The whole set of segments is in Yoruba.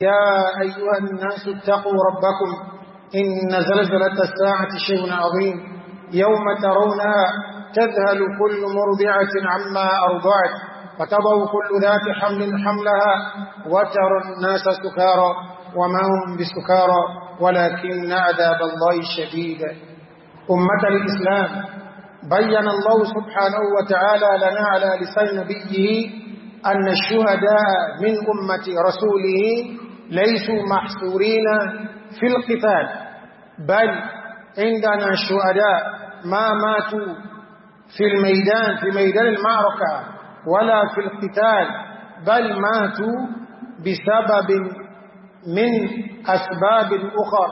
يا أيها الناس اتقوا ربكم إن زلزلة الساعة شيء عظيم يوم ترونها تذهل كل مرضعة عما أرضعت وتضع كل ذات حمل حملها وترى الناس سكارى وما هم بسكارى ولكن عذاب الله شديد أمة الإسلام بين الله سبحانه وتعالى لنا على لسان نبيه أن الشهداء من أمة رسوله ليسوا محصورين في القتال بل عندنا شهداء ما ماتوا في الميدان في ميدان المعركة ولا في القتال بل ماتوا بسبب من أسباب أخرى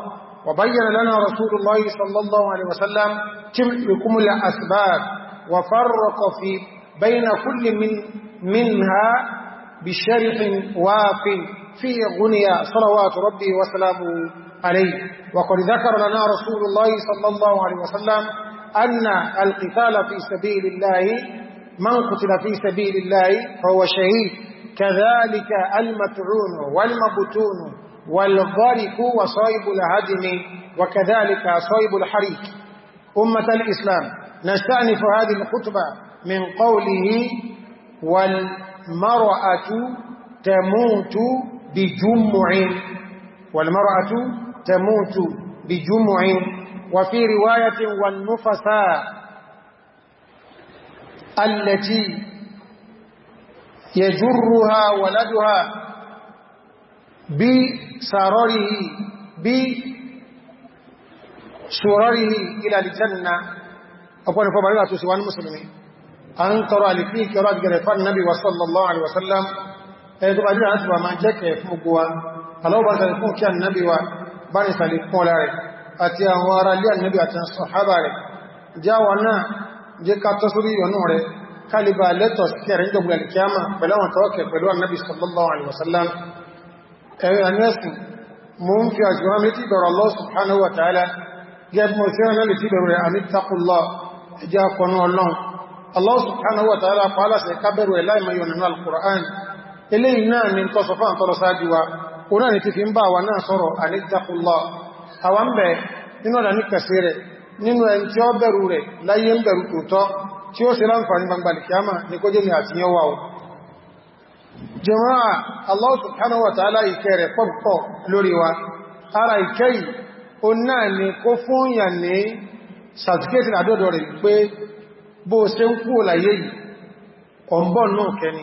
وبين لنا رسول الله صلى الله عليه وسلم لكم الأسباب وفرق في بين كل من منها بشرح واف في غنيا صلوات ربي وسلامه عليه وقد ذكر لنا رسول الله صلى الله عليه وسلم أن القتال في سبيل الله من قتل في سبيل الله فهو شهيد كذلك المتعون والمبتون والغارق وصائب الهدم وكذلك صائب الحريك أمة الإسلام نستأنف هذه الخطبة من قوله والمرأة تموت بجمع والمرأة تموت بجمع وفي رواية والنفساء التي يجرها ولدها بسرره بسرره إلى الجنة أقول فبعضها تسوى المسلمين أن ترى لفيك رجل فالنبي صلى الله عليه وسلم ẹni tó bá jíra láti bá máa jẹ́ kẹrẹ fún gbogbo wa aláwọ̀bá sàlẹ̀kún kí annabi wa bá ní sàlẹ̀kún ọlá rẹ̀ àti àwọn ará lé annabi àti sọ̀hábà rẹ̀ jáwà náà jẹ́ ká tọ́ sórí ìyọnú rẹ̀ kálíbà lẹ́tọ̀ sí ẹ̀rẹ́ ìjọgbùn alìkíyàmà pẹ̀lú àwọn tọ́ọ̀kẹ̀ pẹ̀lú annabi sallallahu alaihi wasallam ẹ̀rẹ́ anẹ́sùn mo ń fi àjúwá mi tí bẹ̀rọ Allah subhanahu wa ta'ala gẹ́ bí mo sí ẹ̀rẹ́ lè al-Qur'an eléyìí náà ni tọ́sọ fún àtọ́lọ sáájú wa o náà ni ti fi ń bá wa náà sọ́rọ̀ àníjàkúnlọ́ àwọn bẹ̀ nínú ọ̀nà nípẹ̀sẹ̀ rẹ̀ nínú ẹn tí ó bẹ̀rù rẹ̀ láyé ń bẹ̀rù tòótọ́ tí ó sì láǹfààní gbangbàlì kíámà ní kó jẹ́mi àti yẹwà o jẹmọ́ra Allah subhanahu wa náà kẹni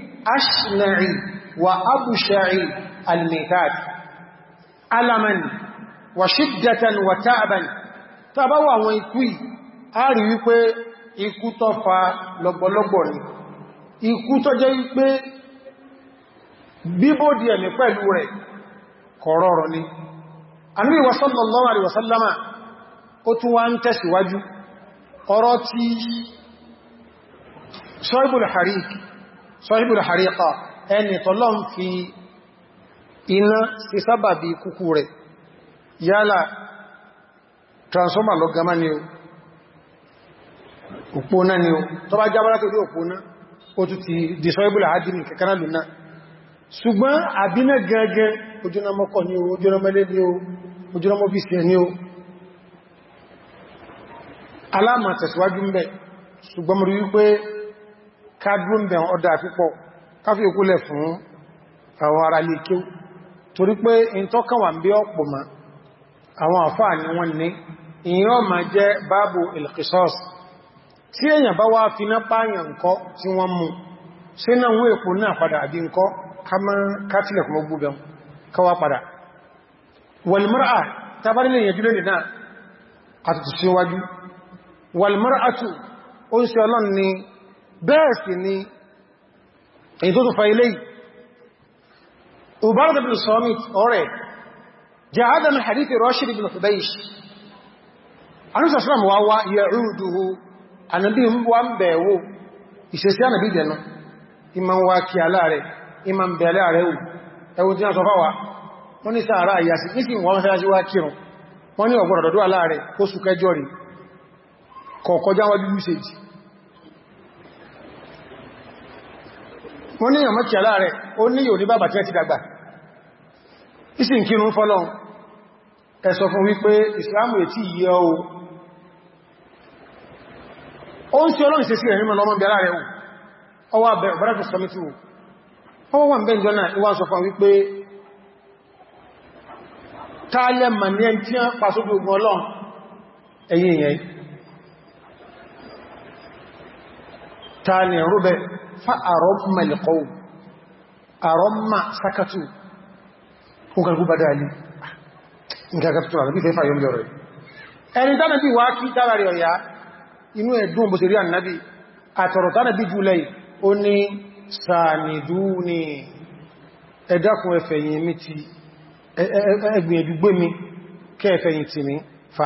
أشنعي وأبشعي الميتات ألما وشدة وتعبا تبوى ويكوي أري wípé ikú tó fa lọ́gbọ̀lọ́gbọ̀ ni ikú tó jẹ́ wípé bíbòdì ẹ̀mí pẹ̀lú rẹ̀ kọ̀rọ̀rọ̀ ni Ànábì sallallahu sọ́hìbù hariqa ẹni tọ́lọ́n fi iná sí sábàbí kúkú rẹ̀ yálà transformer lọ gama ni o òpónà ni o tó bá jábára tó rí òpónà ó tún ti di sọ́hìbù hadirin kẹkànà lùnà ṣùgbọ́n àbínà gẹ́gẹ́ ojúnamọ́kọ̀ ni o ojúnamọ́lé ni o ojúnamọ́bìsì kádúró ń bẹ̀rún ọdá pípọ̀ káfí òkúlẹ̀ fún àwọn ará lè kí torí pé in tọ́kàn wà ń bí ọ̀pọ̀ ma àwọn àfáà je wọ́n ní ìyàn ma jẹ́ báàbù ilkisọ́s tí èyàn bá wá fi ná páyàn ǹkọ́ tí wọ́n mú sí náà wọ́n bẹ́ẹ̀ ni èyí tó tó fa ilé Ubadah ibn Samit ọ̀rẹ́ jẹ́ adam hadithi Rashid ibn Hubeish anúsà sọ́rọ̀ wá wá ya'uduhu ànàbí wá ń bẹ̀ẹ̀wò ìṣẹ́sí ànàbí dẹ̀nà ìmọ̀ wá kí aláàrẹ̀ ìmọ̀ bẹ̀ẹ̀lẹ̀ àrẹ̀ mo ní ìyàmọ́ tí aláàrẹ ó ní yóò ní bàbá tí ẹ ti dàgbà isi nkiru kírun ẹ sọ fún wípé eti ètí ọ o ó ń sí ọlọ́run ìsẹsí ẹ̀rí mọ́lọ́mọ́ bí aláàrẹ ó wà ni bọ́rẹ́tù sọmítì wípé taa fa'arọ́mà lẹ́kọ́ àrọ́mà sakatu ó kàrùkú bá dáa ní ìgbàgbàtò àrẹ́bí fẹ́ fàyọ́ mẹ́rọ ẹni tánàbí wá kí dára rẹ̀ ọ̀yá inú ẹ̀dùn bó ṣe rí ànábì àtọ̀rọ̀ tánàbí jùlẹ̀ ó ní sàánìdú ni ẹ̀dàkùn fa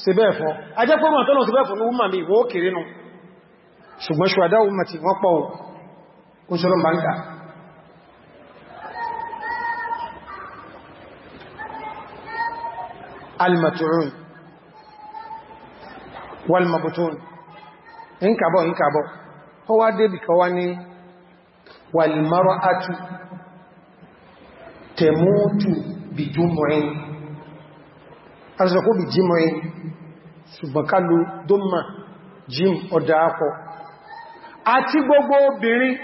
ṣe bẹ́ẹ̀ fún ajẹ́ pé mọ̀ tọ́lọ̀ ṣe bẹ́ẹ̀ fún ní wúmà mi ìwọ́ òkèrè nù ṣùgbọ́n ṣùwádá wúmà ti wọ́n pọ̀ ó ṣọ́lọ́ báńkà walmabutun in kàbọ̀ in kàbọ̀ ó wá débì kan wá ní walmaratu tẹ̀mútù bìjúmọ̀rin arzako bi jímọ̀ yìí e. ṣùgbọ́n ká ló dọ́mà jim ọ̀dá akọ àti gbogbo obìnrin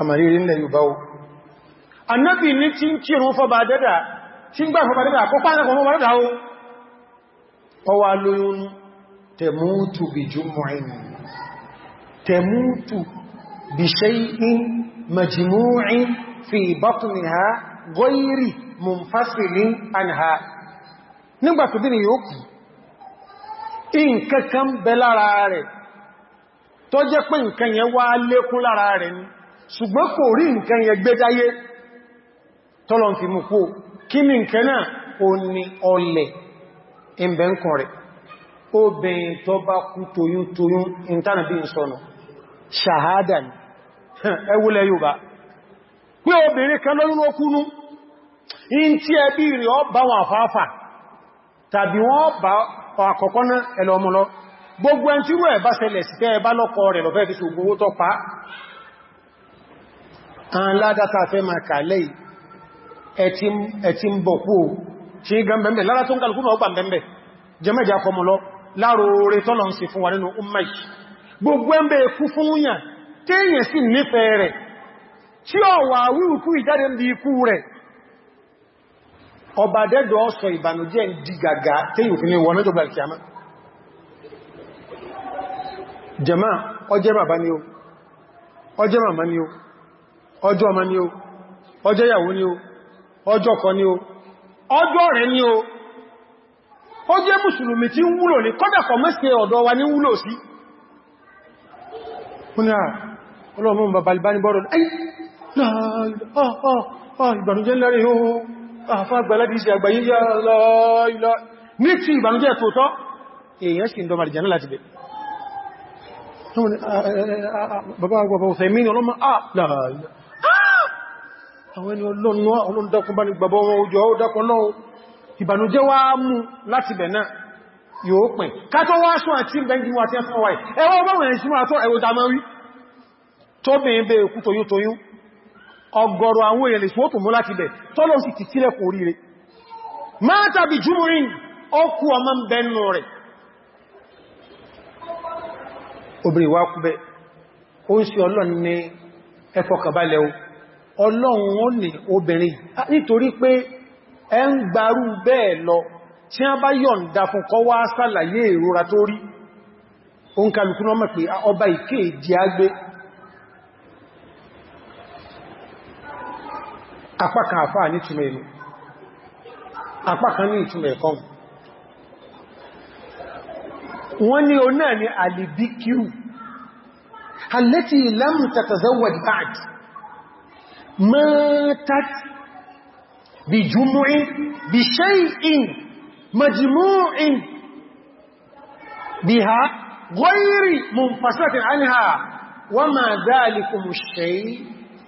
àmàrírí ilẹ̀ yóò báwó annabi ní tí ń kírun fọba dẹ́dà tí ń gbà fọba dẹ́dà kó pàdà kan fọba dẹ́dà ó ọwà lóyún nígbàtí bí ni yóò kù nǹkankan bẹ lára rẹ̀ tó jẹ́ pé nǹkan yẹn wá lékún lára rẹ̀ ni ṣùgbọ́n kò rí nke yẹn gbéjáyé tọ́lọ̀ fi mú kó kí ní nǹkan náà ó ní ọlẹ̀ ìbẹ̀ǹkan rẹ̀ obìnrin tó bá kú toyún toyún ìntànà bí ìsọ̀nà ṣàhádà ni ẹwúlẹ̀ Yorùbá pé kan in tí ẹbí rẹ̀ ọ bá wọn tàbí wọ́n bá àkọ́kọ́ náà ẹlọ ọmọ lọ gbogbo ẹn tí rú bá ṣẹlẹ̀ sí tẹ́ ẹbá lọ́kọ rẹ̀ lọ́fẹ́ fi ṣògbò owó tọ́ pa án ládátà fẹ́ ma kàlẹ̀ ẹ̀tí ń bọ̀ kú o ṣe gẹ́mẹ̀mẹ̀ lára tó ń kàlùkù náà bà mẹ́mẹ̀ jẹmẹ́jà kọmọ lọ láàrọ̀ọ̀rẹ́ tọ́lọ̀ ń ṣe wa nínú ummah gbogbo ọba dẹ́dọ̀ ọ̀sọ̀ ìbànújẹ́ di gàgà tí yìí fi ní wọ́n lọ́jọ́ gbàlì ni o ọjẹ́ ni o ọjọ́ ọmọ ni o ọjọ́ ìyàwó ni o ọjọ́ ọkọ ni o ọjọ́ ọ̀rẹ́ ni o ọjẹ́ mùsùlùmí tí ń wúlò ní kọ́dàkọ̀ mẹ́sẹ̀ wa ní wúlò sí àfá gbàládìí sí àgbàyí yá lọ́ìlọ́ ní tí ìbànújẹ́ tòótọ́ èèyàn sì ń dọmà ìjànà láti bẹ̀ bàbá àgbàbà òfèmí ni ọlọ́mà àwọn ẹni ọlọ́nà ọlọ́ndakun bá ní gbàbọ́ wọn ojú ọ dákun náà ìbànújẹ́ wá mú láti bẹ̀ náà yóò pẹ̀ kátọ́ wá ṣún àti bẹ́ngì wà tí ẹ fún wáyé ẹwọ́ ọgbọ́n ẹ̀ṣùn àtọ́ ẹ̀wọ̀ dámọ́rí tó bèèrè bèèrè kú tóyúntóyún ọgọ̀rọ̀ àwọn èèyàn lè fún òtò mú láti bẹ̀ tọ́lọ̀ sì ti sílẹ̀ kò ríre máa tàbí jùmùrín ọkù ọmọ bẹnu rẹ̀ obìnrin wá kú bẹ́ ó ń sí ọlọ́n ní ẹfọkàbalẹ̀ ọlọ́run ó ní obìnrin ẹ lọ apákan àfá ní túnmẹ̀ inú apákan ní ìtúnmẹ̀ ẹ̀kọ́ wọ́n ní o náà ni alìbíkíù alẹ́tí ìlàmù tàtàzẹ́wọ̀dì báàdì mẹ́tàt bí jùmúín bí ṣẹ́yìn majmúín bí ha gọ́ìrì mùn fasatin anha wọ́n ma dáàlì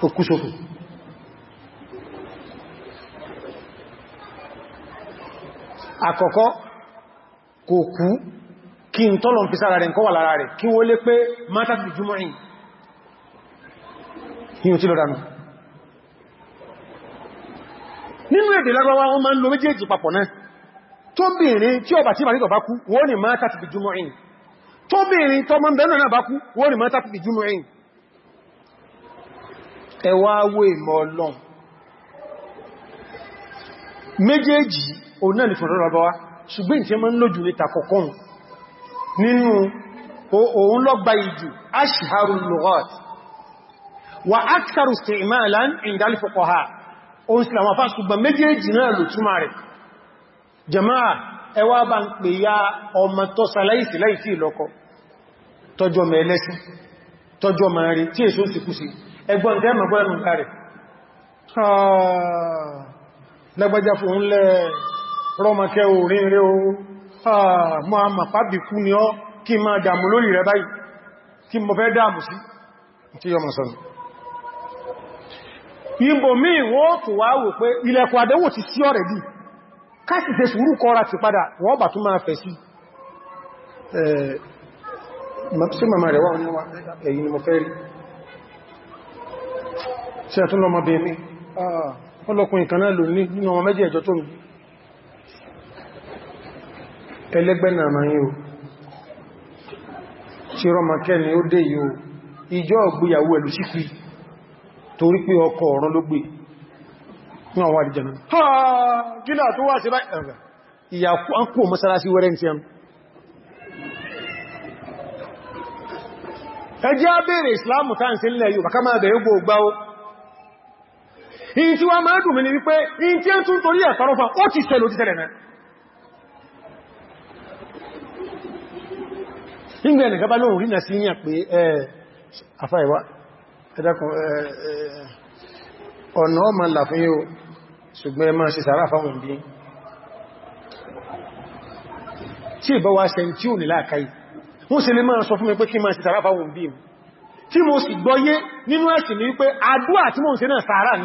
tó kú sókù àkọ́kọ́ kò kú kí n tọ́lọ̀ fi sára rẹ̀ ń kọ́ wà lára rẹ̀ kí wó lé pé mátà ti jùmọ́ ìn yíò tí lọ dánú nínú èdè lágbàwá wọ́n máa ń lo méjèèjì papọ̀ náà tó bìnrin tí ọba tí màríkọ̀ bá kú wọ́n ni mátà ti jùmọ́ ìn tó bìnrin tọ́mọ́ bẹ̀rẹ̀ náà bá kú wọ́n ni mátà ti jùmọ́ ìn ẹ wá wò ìmọ̀ ọlọ́run méjèèjì òun náà ni fọ̀rọ̀ rọ̀bọ̀wá ṣùgbọ́n ìfẹ́ mọ́ ń lójú ní takọ̀kọ́n nínú òun lọ́gba ìjù aṣìharù lughat wà aktharu isti'malan indal fuqaha òun sì làwọn fásùgbọ́n méjèèjì jama'a ya ẹgbọ́n tẹ́ mọ̀ gbọ́lẹ̀nù kàrẹ̀ lẹ́gbẹ́já fún ilẹ̀ rọmọkẹ́ orin rẹ̀ o mọ́ a mọ̀ pàbí kú ni ọ kí máa dàmù lórí rẹ̀ báyìí kí mọ̀ fẹ́ dàmù sí tí yọ mọ̀ sọ́nà ìbò míì wọ́n tó wá wò pé ilẹ̀kùn àdẹ́wò ti sí ọ̀rẹ̀ máa rẹ̀ wọ́n ní wọ́n ẹ̀yìn mọ̀ fẹ́ rí sí ẹ̀tún lọmọ bèé ah, mi ah. ọlọ́kùnrin kan náà lò ní nínú ọmọ méjì ẹjọ́ tó mi ẹlẹ́gbẹ́ náà ma yíò tí rọmọ kẹ́ni ó dé yíò ìjọ ọgbìyàwó ẹ̀lú síkì torí pé ọkọ ọ̀run ló gbé ní àwọn àdìjẹ̀nà gílà tó wà sí báyìí ẹ̀rẹ̀ ìyàkó ń kò mọ́sálásí wẹ́rẹ́ ti ẹjẹ́ abẹ́rẹ̀ ìsìláàmù táà ń sí ilẹ̀ yóò bàká máa bẹ̀rẹ̀ gbogbo in tí wá máa dùn mi ni wípé in tí ẹ tún torí ẹ̀ tọrọ fún ó ti ṣẹlẹ̀ ó ti ṣẹlẹ̀ náà nígbẹ̀ ẹ̀nìyàn bá lóòrùn rínà sí yíyàn pé àfáìwá ẹ̀dàkùn ọ̀nà ọmọ làfin yóò ṣùgbọ́n ẹ máa ṣe sàárà fáwọn bí tí ìbọ́ wá ṣe tí ò ní láàkáyì wọ́n ṣe lè máa sọ fún mi pé kí máa ṣe sàárà fáwọn bí tí mo sì gbọ́yé nínú ẹ̀sìn ní wípé àdúà tí mo ń ṣe náà sàárà ni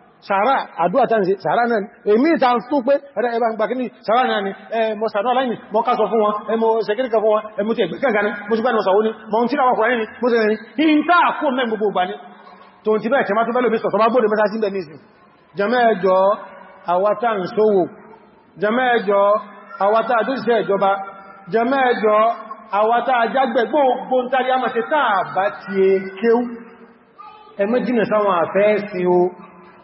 sàárà àdúwà tán sí sàárà náà èmì ìta ń tún pé ẹ̀rẹ́ ẹba ń gbàkí ní sàárà náà ni mọ̀ sàánú aláìní mọ̀ kásọ fún wọn ẹmọ sẹkẹ́ríkà fún wọn ẹmọ tí ẹgbẹ̀ kẹ́gani mo ti gbá ẹnà sàwọ́ ni mọ̀ ń tíra wọ́kọ̀ ẹni mo ti rẹ̀ ní ìta àkó mẹ́ gbogbo ìgbà ni tó ti bẹ́ẹ̀ tẹ́má tó bẹ́lò mi sọ̀tọ́ bá gbóde mẹ́ta sí bẹ́ẹ̀ nìsìn jẹmẹ́ẹ̀jọ àwátà ń sówò jẹmẹ́ẹ̀jọ àwátà àdóṣìṣẹ́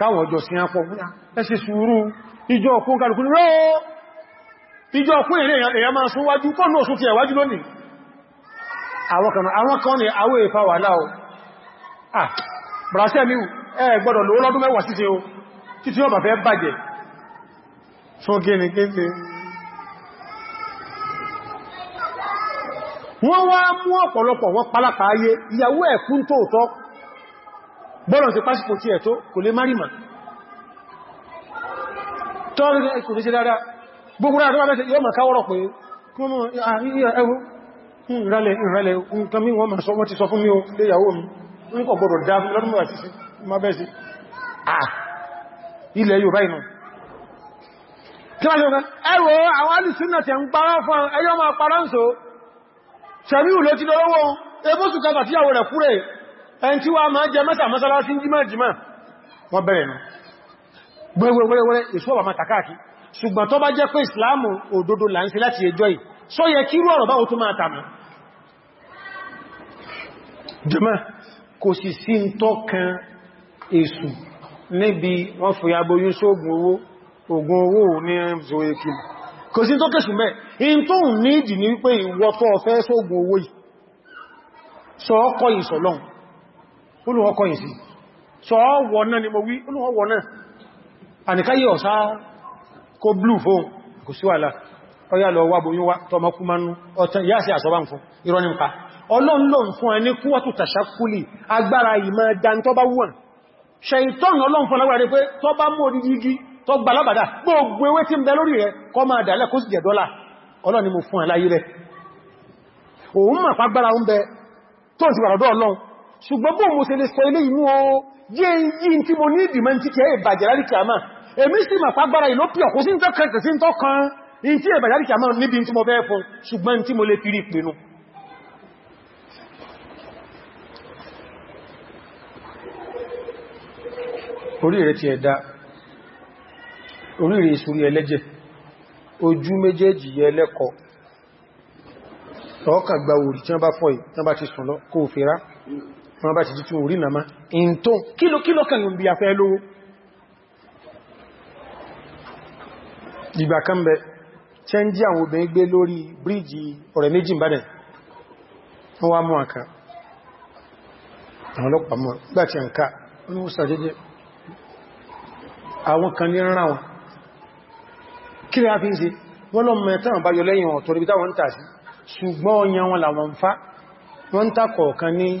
káwọn ọjọ́ sí àpọ̀ ẹ ṣe sùúrù ìjọ ọkún kàrùkún rọ́ ìjọ ọkún èrè èyàn máa sún wájú kọ́ náà sún ti ẹ̀wájú lónìí àwọn kan ní àwọ èfà wà láò à brazil mi ẹ gbọ́dọ̀ lówó lọ́dún mẹ́wàá títí o títí ọba fẹ́ bàjẹ́ tó gẹ́ni gẹ́ni wọ́n wá mú ọ̀pọ̀lọpọ̀ wọ́n pálápàá ayé ìyàwó ẹ̀kún tóòtọ́ bọ́lọ̀ sí pásìkò tí ẹ̀tọ́ kò lè márìmà tọ́rọ kò lè ṣe dáadáa gbogbo rẹ̀ àtọ́wà mẹ́sẹ̀ yóò màkáwọ́rọ̀ pé ah, ah, ìrẹ̀lẹ̀ nǹkan mí wọ́n ti sọ fún mi o léyàwó mi ń kọ̀ gbọdọ̀ dá lọ́dún mẹ́wàá sí ma bẹ́ sí ilẹ̀ yóò báyìí náà tí wá lọ́gbọ́n ẹwọ́ àwọn alìsúnnà tẹ̀ ń parọ́ fún ẹyọ́ ma parọ́ ń so ṣẹ̀rí ò ló ti lọ́wọ́ ebóṣù kan àtíyàwó rẹ̀ kúrẹ̀ ẹn tí wá máa jẹ mẹ́ta mọ́sálásí jímọ̀ jímọ̀ wọ́n bẹ̀rẹ̀ nù gbẹ̀wẹ̀wẹ̀wẹ̀ èso ọ̀bà máa tàkáàkì ṣùgbọ́n tó bá jẹ́ pé ìsìláàmù òdodo là ń ṣe láti ẹjọ́ yìí só yẹ kí rú ọ̀rọ̀ báwo tó máa tàmà jẹ́mọ́ kò sì sí ń tọ́kan èsù níbi wọ́n fi aboyún sóògùn owó ògùn owó ní mẹ́ in tó ń ní ìdì ní wípé ìwọ́tọ́ ọ̀fẹ́ sóògùn owó yìí sọ ọkọ̀ ìsọ̀lọ́un olùwọ́kọ́ yìí sí sọ ọwọ́ náà ni mo wí olùwọ́wọ́ náà àníkáyí ọ̀sá kó blú fóun kò sí wàlá ọya lọ wà bóyún wá tọmọkú mánú ọ̀tán yá sí àsọ́bá fún irọ́ nípa ọlọ́nlọ́n fún ẹni kúwàtù tàṣàkúlì agbára ìmọ̀ dántọ́ bá wọ́n ṣe ìtọ́nà ọlọ́n fún alágbàrí pé tọ́ bá mọ́ orí yìí tọ́ gbà ń fún aláyé rẹ̀ òun mà pàgbára tó sì wà lọ́dọ̀ ọlọ́run ṣùgbọ́n bóò mo ṣe lè sọ ilé inú o jẹ́ yí tí mo ní ìdìmọ̀ tí kẹ́ ìbàjẹ̀lárí kìámà èmi sì mà fagbára ìlópìọ̀ kò sí ń tọ́kàn kò sí ń tọ́kàn in tí ìbàjẹ̀lárí kìámà níbi tí mo fẹ́ fún ṣùgbọ́n òrì tí wọ́n bá fọ́ ì tí wọ́n bá ti sùn lọ kó fèrà wọ́n bá ti jí tí orí nàmá in tó kílòkílò kan lùn bí a fẹ́ lówó ìgbà kan bẹ tí ń jí àwọn obìnrin gbé lórí bríjì ọ̀rẹ́ méjì Ìbàdàn wọ́n wá mú àkà àwọn ọlọ́pàá mọ́ gbà tí àǹkà ní ó sàjẹ́jẹ́ àwọn kan ní rán wọn kí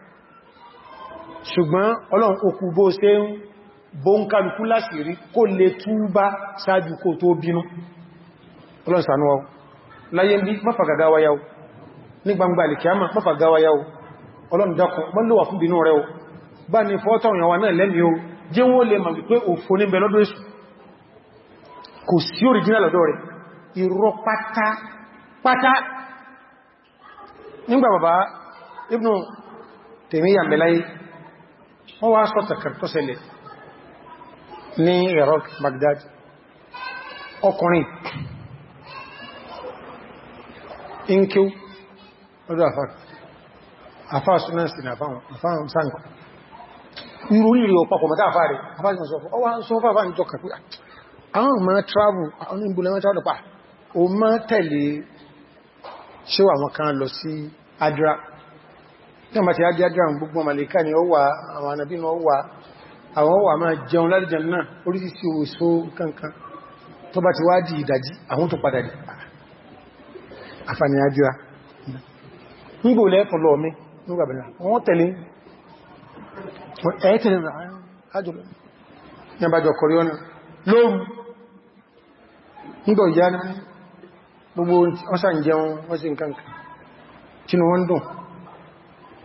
ṣùgbọ́n ọlọ́run okù bó ṣe ń bó ń kàrùkú láti rí kó lè túbá ṣáájú kó tó bínú ọlọ́run ṣàánú wa láyé bí mọ́fàgagawa yau ní gbangba alìkíyàmà mọ́fàgawa yau ọlọ́run dákun mọ́lọ́wà fún bínú rẹ̀ o bá ní fọ́tọ̀ nígbà bàbá ibnu tèmíyàn bẹ̀láyé wọ́n wá sọ́tẹ̀kẹ̀ tó ṣẹlẹ̀ ní Iraq Baghdad ọkùnrin inkíw ọdún àfáà àfáà súnà sí àfáà sánkù irú ìrìn òpapọ̀ mọ̀tá àfáà rẹ̀ àfáà sí ọ̀fọ́ ọwá ń sọ fáfáà ní jọkà pé àwọn ọmọ travel àwọn ìbúlẹ̀ wọn travel pa o mọ́ tẹ̀lé ṣe àwọn kan lọ sí Adra náà bá ti á diagram gbogbo màlíkà ni ó wà àwọn ànàbí náà wà àwọn wà máa jẹun lálẹ́jẹ náà oríṣìí òṣò kankan tó bá ti wá di ìdajì àwọn tó padà dì àfàní àjúra nígbò lẹ́ẹ̀kọ́ lọ mi nígbàbẹ̀rẹ̀ wọ́n tẹ̀lé ẹ̀ẹ́tẹ̀lé àjọ̀lọ́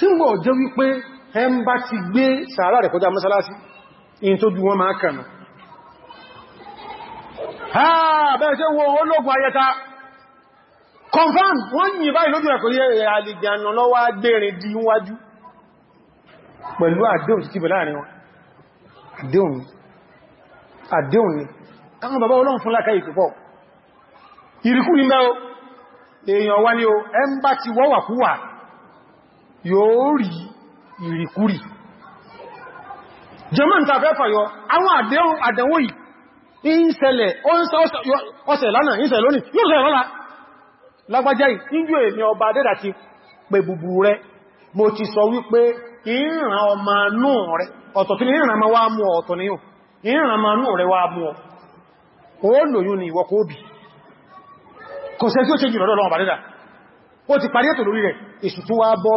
tí ń gbọ́ jẹ́ wípé ẹ ń bá ti gbé sàárà rẹ̀ kọjá mọ́sálásí in tó ju wọn máa kànà ha bẹ́ẹ̀ tẹ́ wọ ológun ayẹta confirm wọ́n yìí báyìí lójú ẹ̀kọ́ yẹ àlìjànà lọ́wọ́ gbẹ̀rin di wájú pẹ̀lú àdéhùn títí bẹ̀ láàrin ni àwọn bàbá ọlọ́run fún lákàí ìpẹ́pọ̀ ìrìkú ní mẹ́ o èèyàn wá ní o ẹ ń bá ti wọ́wà kúwà yóò rí ìrìkúrì jẹmọ́ nta fẹ́ fàyọ àwọn àdéhùn àdánwò yìí ìṣẹ̀lẹ̀ ọ̀sẹ̀ lánàá ìṣẹ̀lẹ̀ lónìí yóò ṣẹlẹ̀ lọ́la lágbàjá ọba adẹ́dà ti pè rẹ mo ti sọ wípé ìrìnà ọma ọma ni kò ó ó ti parí lórí rẹ̀ tó wá bọ́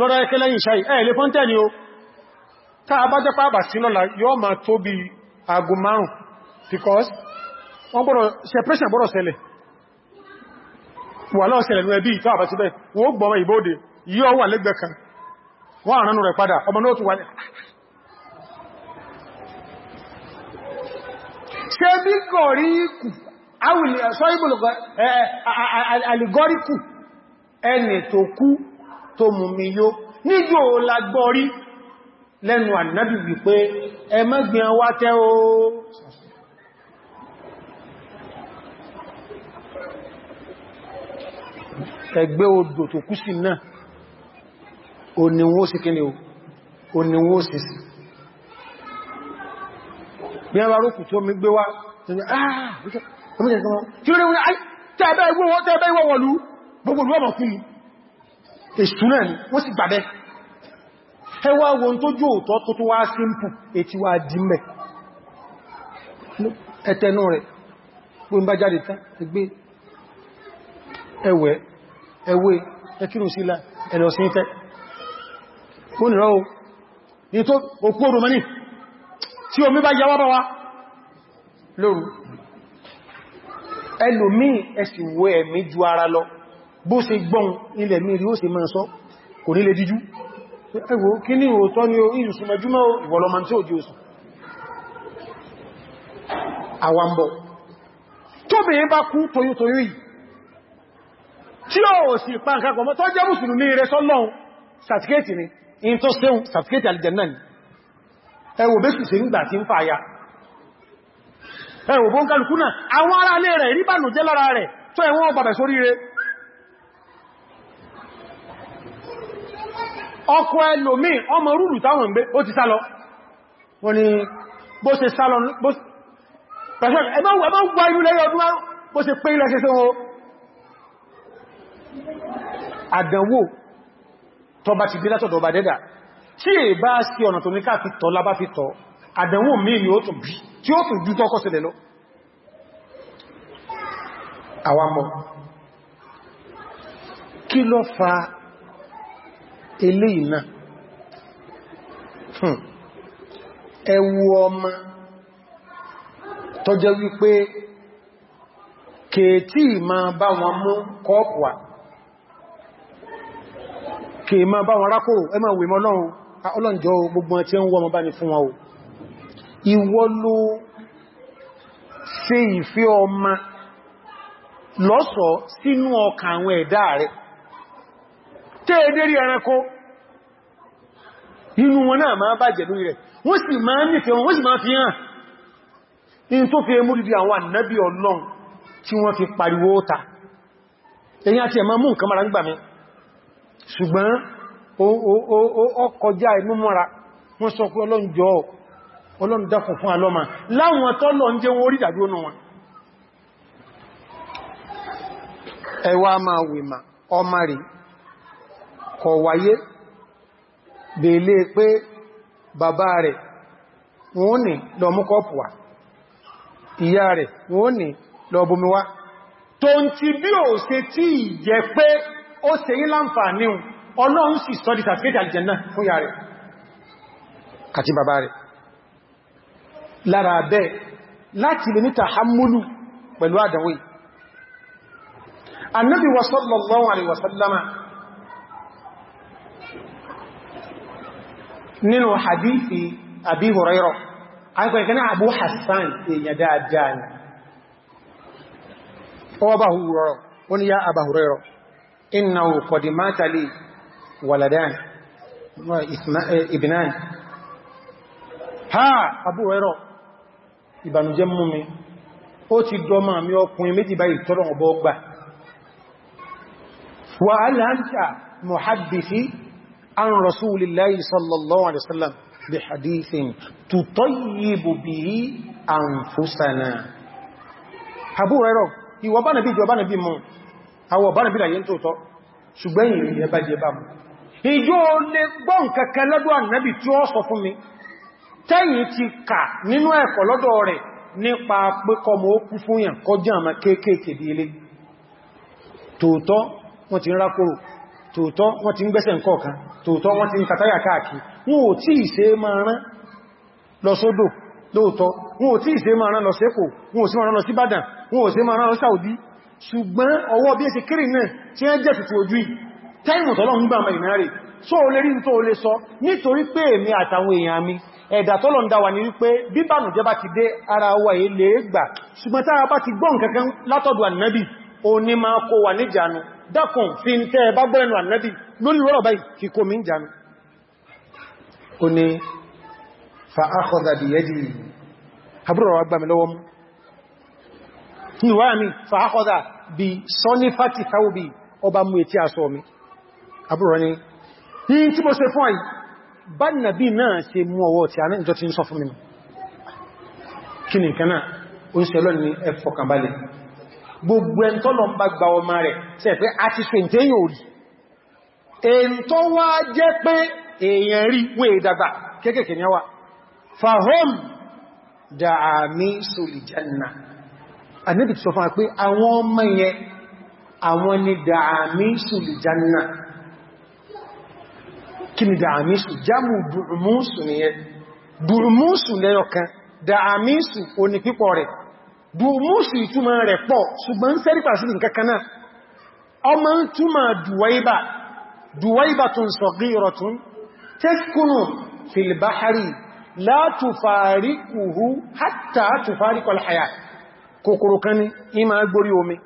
lọ́rọ̀ ẹkẹ́ lẹ́yìn ìṣáì ẹ̀ lè fọ́n tẹ́ni o tá a bá jẹ́ pàbà sí lọ́la yóò máa tó bí aago márùn because wọ́n gbọ́rọ̀ separation gbọ́rọ̀ ṣẹlẹ̀ wà lọ́ ṣẹlẹ̀ ní ẹbí tó àbá síbẹ̀ wọ́n gbọ́ ọmọ ìbóde yíò wà lẹ́gbẹ̀ kan wọ́n àránú rẹ̀ padà ọmọ náà tún wà ṣe bí gọ̀ríkù awìlì ẹ̀ṣọ́ ìbòlùkọ̀ alìgọ́ríkù ẹni tó kú tó mú mi yó ní yóò lágbọ́rí lẹ́nu ànábì wípé ẹ mẹ́gbìn wá tẹ́ o ẹgbẹ́ odò tó kú sí náà òníwó sí kí ni o òníwó sí sí bí a bá rókù tó mi gbé wá tẹ́bẹ̀ ìwọ̀n wọ̀lú gbogbo ìwọ̀n mọ̀ fún ìṣúná ni wọ́n sì gbàbẹ́ ẹwà wọn tó jò tọ́ tó tó wá símpù ètí wà dìmẹ̀ ẹ̀tẹ̀nú rẹ̀ pín bá jáde tán ẹgbẹ́ ẹwẹ́ ẹwẹ́ ẹkírù sílá ẹ̀lọ sí ìfẹ́ ó nìrọ o ní tó òkú ẹlòmí ẹ̀sìwò ẹ̀mí ju ara lọ bó ṣe gbọ́n nílẹ̀ mìírí ó ṣe máa sọ kò nílẹ̀ díjú ẹgbò kí ní òótọ́ ni ó ìrùsùnmẹ́júmọ́ ìwọ̀lọ́mà tí ó jí oṣù àwàmbọ̀ tóbìnrin bá kú toyútoyú yìí tí ó sì pa nǹkan pọ̀mọ́ tó jẹ́ mùsùlùmí rẹ̀ sọ́lọ́un sàtíkẹ́tì ni in tó sẹ́un sàtíkẹ́tì àlìjẹ̀nà ni ẹwò bẹ́sù sí nígbà tí ń fa ya ẹwò bó ń kálukú náà àwọn ará alẹ́ rẹ̀ rí bànújẹ́ lára rẹ̀ tó ẹ̀wọ́n ọkọ̀ ẹlòmí ọmọ rúrù táwọn gbé ó ti sálọ wọ́n ni bó ṣe sálọ ẹmọ́ gbà inú lẹ́yọ ọdún márùn bó ṣe pé ilẹ̀ ṣeṣe wọn àdánwò tọba ti dé látọ̀dọ̀ ọba dẹ́dà tí è bá sí ọ̀nà tó ní ká fi tọ́ lábá fi tọ́ àdánwò míì ni ó tún bí tí ó tún jú tọ́kọ́ sílẹ̀ lọ àwamọ́ kí ló fa ilé ìná hmm. ẹwu ọmọ tó jẹ́ wípé kèétí ma bá wọn mú kọ́ọ̀pù wà kèé ma bá wọn rákò ẹ ma wèmọ́ náà ọlọ́njọ́ ah, gbogbo ọmọ tí ó ń wọ́n bá ní fún wọn o ìwọ ló ṣe ìfẹ́ ọmọ lọ́sọ̀ sínú ọkà àwọn ẹ̀dá rẹ̀ tẹ́ẹ̀dẹ́rí ẹranko inú wọn náà máa bàjẹ́ lórí rẹ̀ wọ́n sì máa nífẹ́ wọn wọ́n sì máa fi hàn in tó fi mú dìdí àwọn ànábì ọlọ́run tí wọ́n fi pariwo ta ẹ̀yìn àti ẹ̀mọ́ mú nǹkan mara ń gbà mí ṣùgbọ́n ó kọjá inú mọ́ra wọ́n sọ pé ọlọ́run kọ̀ wáyé bèèlé pé bàbá rẹ̀ wọ́n ní lọ mú kọ́pù wá ìyá rẹ̀ wọ́n ní lọ bomi wá tó ń ti bí ò ṣe tí ìjẹ pé ó ṣe yí láǹfààní ọlọ́run sì sọ pẹ̀lú àdánwò Annabi wa sallallahu alaihi wasallama nínú hadithi Abi Hurairah agbẹ̀ ìkaná Abu Hassan èèyàn dáadáa ni ọwọ́ bá hùrọ̀rọ̀ wọ́n ya Abu Hurairah innahu qad mata li waladan eh, ibnan ha Abu Hurairah ìbànújẹ́ mú mi ó ti dọ́mà mi ọkùnrin méjì báyìí tọ́rọ̀ ọgbọ́ gbà wà aláàmì muhaddisi عن رسول الله صلى الله عليه وسلم بحديث تطيب به أنفسنا Abu Hurairah ìwọ bá nàbí ìjọba nàbí mọ́ àwọn ọ̀bá nàbí ìràyẹ́ tóòtọ́ ṣùgbọ́n ìrìn ẹ̀bá jẹba mọ́ ìjọ lè gbọ́n kẹkẹ lọ́dọ̀ ànàbí tí ó sọ fún mi tẹ́yìn ti kà nínú ẹ̀kọ́ lọ́dọ̀ rẹ̀ nípa pẹ́kọmọ ó kú fún yàn kọjá àmà kéékèèkèé tòótọ́ wọ́n ti ń gbẹ́sẹ̀ nǹkọ̀ọ̀kan tòótọ́ wọ́n ti ń kàtàyà káàkiri wọ́n ò tí ìṣe máa rán lọ sódò lóòtọ́ wọ́n ò tí ìṣe máa rán lọ sépò wọ́n ò sí máa rán lọ sí Ìbàdàn wọ́n ò sí máa rán lọ Saudi ṣùgbọ́n ọwọ́ bí ẹsẹ̀ kiri náà tí ẹ jẹ́ tuntun ojú táìmù tọ́lọ́ ń gbà mẹ́rin rẹ̀ só o lè rí tó o lè sọ nítorí pé èmi àtàwọn èèyàn mi ẹ̀dà tọ́lọ̀ ń dáwà ní wípé bíbànújẹ́ bá ti dé ara wa èlé gbà ṣùgbọ́n tára bá ti gbọ́ nǹkankan látọ̀dọ̀ ànábì òní máa kó wà níjànú dákùn fi ń tẹ́ bá gbọ́rẹ̀nù ànẹ́bì lórí rọ́ báyìí fi kó mi ń jànú ó ní fa akhadha bi yadi àbúrò wa gbà mí lọ́wọ́ mú fa akhadha bi sanifati thawbi ọba mú etí aṣọ mi àbúrò ni yí tí mo ṣe fún àyí bá nàbí náà ṣe mú ọwọ́ tí a ni nǹkan náà ó ń ṣe lọ́nà ní gbogbo ẹn tọ́lọ̀ ń bá gba ọmọ rẹ̀ ṣe pé a ti ṣe ìtẹ́ yóò rí èyí tó wá jẹ́ pé èèyàn rí wé ìdàgbà kéèkèé ní wá fahom da àmì sólì janna anábì ti sọ fún wa pé àwọn ọmọ yẹn àwọn ni da àmì sólì kí ni da àmì sù jámù dùrùmúsù nìyẹn dùrùmúsù lẹ́yọkan da àmì sù oní pípọ̀ rẹ̀ dùmúsù ìtumọ̀ rẹ̀ pọ̀ ṣùgbọ́n ń sẹ́rípà sí nǹkan kan náà ọmọ ń túmọ̀ dùwẹ́ibà dùwẹ́ibàtún sọ̀gírọ̀tún tẹ́kùnù filibahari látùfàríkùhú hátà tùfàríkọl hayat kòkòrò kan ní ìmá gborí omi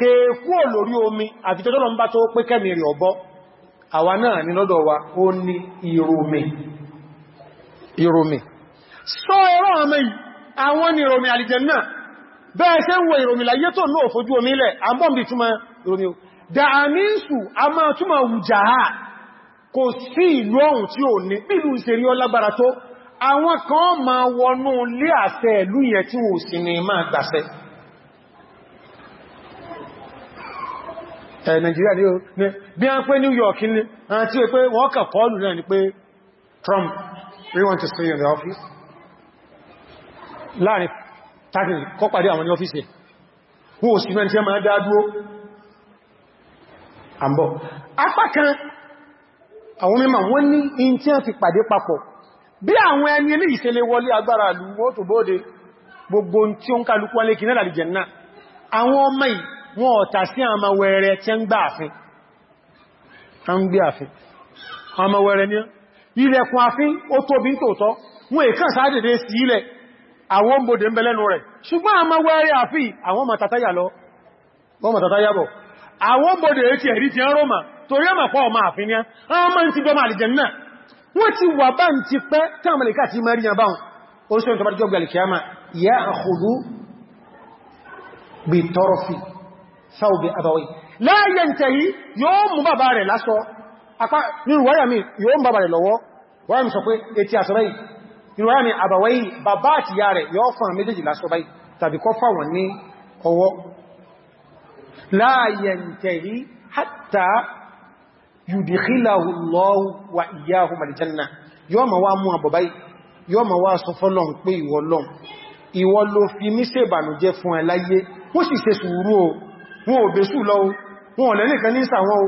kèèkú olórí omi àfi tọ́jọ́lọ ń bá tó pé kẹ́mìrì àwọn ìròmì àlìjẹ̀ náà bẹ́ẹ̀ ṣe ń wọ ìròmìlà yé tó lóò fojú omi ilẹ̀ àbọ́m̀bì túnmọ̀ ìròmí dàmínsù a máa túnmọ̀ wùjàá kò sí ìlú ọ̀hún tí ò ní pílù ìṣèrí ọlágbára tó àwọn kan máa wọnú lé àṣẹ ìlú yẹn tí wò sí ni máa gbàṣẹ New York ní àti pé wọ́n kà kọlù Trump we want to stay office láàrin tàbí kọ́ pàdé àwọn ní ọ́fíìsì wọ́n ò sí mẹ́rin tí a máa dáadúó àmbọ̀ apá kan àwọn mímọ̀ wọ́n ní in tí a fi pàdé papọ̀ bí àwọn ẹni ilé ìṣẹ́lẹ̀ wọlé agbára lúwọ́ tó bóde gbogbo tí ó ń kálukú wọlé kì náà jẹ̀nà àwọn ọmọ yìí wọn ọ̀tà sí àmà wẹ̀rẹ̀ tí ń gbà àfin àmà wẹ̀rẹ̀ ní ilẹ̀kùn àfin ó tóbi tòótọ́ wọn èkàn sáà dèdè àwọn òbòdè ń bẹ lẹ́nu rẹ̀ ṣùgbọ́n àmọ́ wẹ́rẹ́ àfí àwọn màtàtàyà lọ wọ́n màtàtàyà bọ̀ àwọn òbòdè ti ẹ̀rí ti ẹ̀rọ́mà torí ẹ̀mà pọ̀ ọmọ àfíníà ọmọ ti bọ́ màlìjẹ̀ náà wọ́n ti wà bá ń ti pẹ́ tàmàlìkà ti mẹ́rin àbáhùn ó sọ ìtọ́bá jọ́ gbẹ̀lì kìyàmà yá àkùdú bí tọrọfì sáwọ̀bẹ̀ àbáwẹ̀ láyẹ̀ ń tẹ̀yí yóò mú bàbá rẹ̀ sọ pé etí àsọ́rẹ́ yìí inú ayá mi àbàwáyí bàbá àti ìyá rẹ̀ yóò fún àwọn méjèèjì lásọ báyìí tàbí kọ́ fà wọ́n ní ọwọ́ láàyẹ̀ntẹ̀rí hátà yùdìkílàhùlọ́wù wà ìyáhù màlìjánà yóò ma wá mú àbọ̀báyì yóò ma wá sọ fọ́lọ́n pé ìwọ lọ́n ìwọ ló fi ò lẹ́nìkan ní ìsàwọn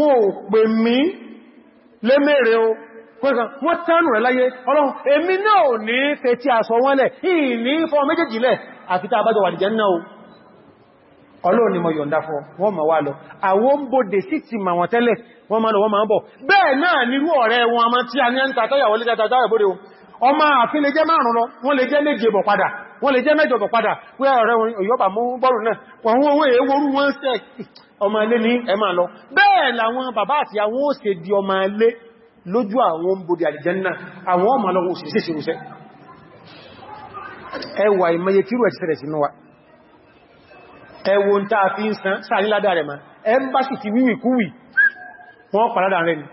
o wọn ò pè mí lémèrè o wọ́n tánù rẹ̀ láyé ọlọ́run èmi náà ní fẹ́ tí a sọ wọ́n lẹ̀ ìní fọ́ méjèèjì lẹ̀ àfi tá àbájọ wàdìjẹ́ náà ọlọ́run ni mo yọ̀ǹda fọ́ wọ́n ma wá lọ àwọn ń bòdè sí ti ma wọn tẹ́lẹ̀ wọ́n ma lọ wọ́n ma ń bọ̀ bẹ́ẹ̀ náà nírú ọ̀rẹ́ wọn a máa tí a ní ń tàtọ́yàwó lé tàtàtàyàwó lé ọmọ àfin lè jẹ́ márùn-ún lọ wọ́n lè jẹ́ méje bọ̀ padà wọ́n lè jẹ́ mẹ́jọ bọ̀ padà pé ọ̀rẹ́ òyọ́bà mú bọ́rù náà wọ́n wọ́n wọ́n èéwòrú wọ́n sẹ́ẹ̀kì ọmọ ilé ní ẹmà lọ bẹ́ẹ̀ làwọn bàbá àti àwọn ó ṣe di ọmọ ilé lójú àwọn bòdì àlìjẹ́nà àwọn ọmọ lọ́wọ́ òṣìṣẹ́ ṣirúṣẹ́ ẹwà ìmọye tírò ẹ̀ tẹ́rẹ̀ sínú wa ẹwọ ń tàà fi ń san sáà níládà rẹ̀ ma ẹ ń bá sì ti wíwì kúwì wọ́n pàdádà rẹ̀ ni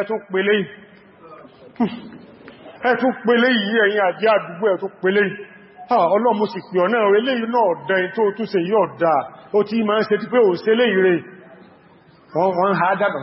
ẹ̀tún pèlé hm. yìí ẹ̀yìn àti àdúgbò ẹ̀tún pèlé yìí ọlọ́mù sì pè ọ̀nà eléyìí náà ọ̀dá tó túnṣe yìí ọ̀dá ó ti máa ń ṣe tí pé òṣèlé ìrẹ́ wọ́n ha dàgbà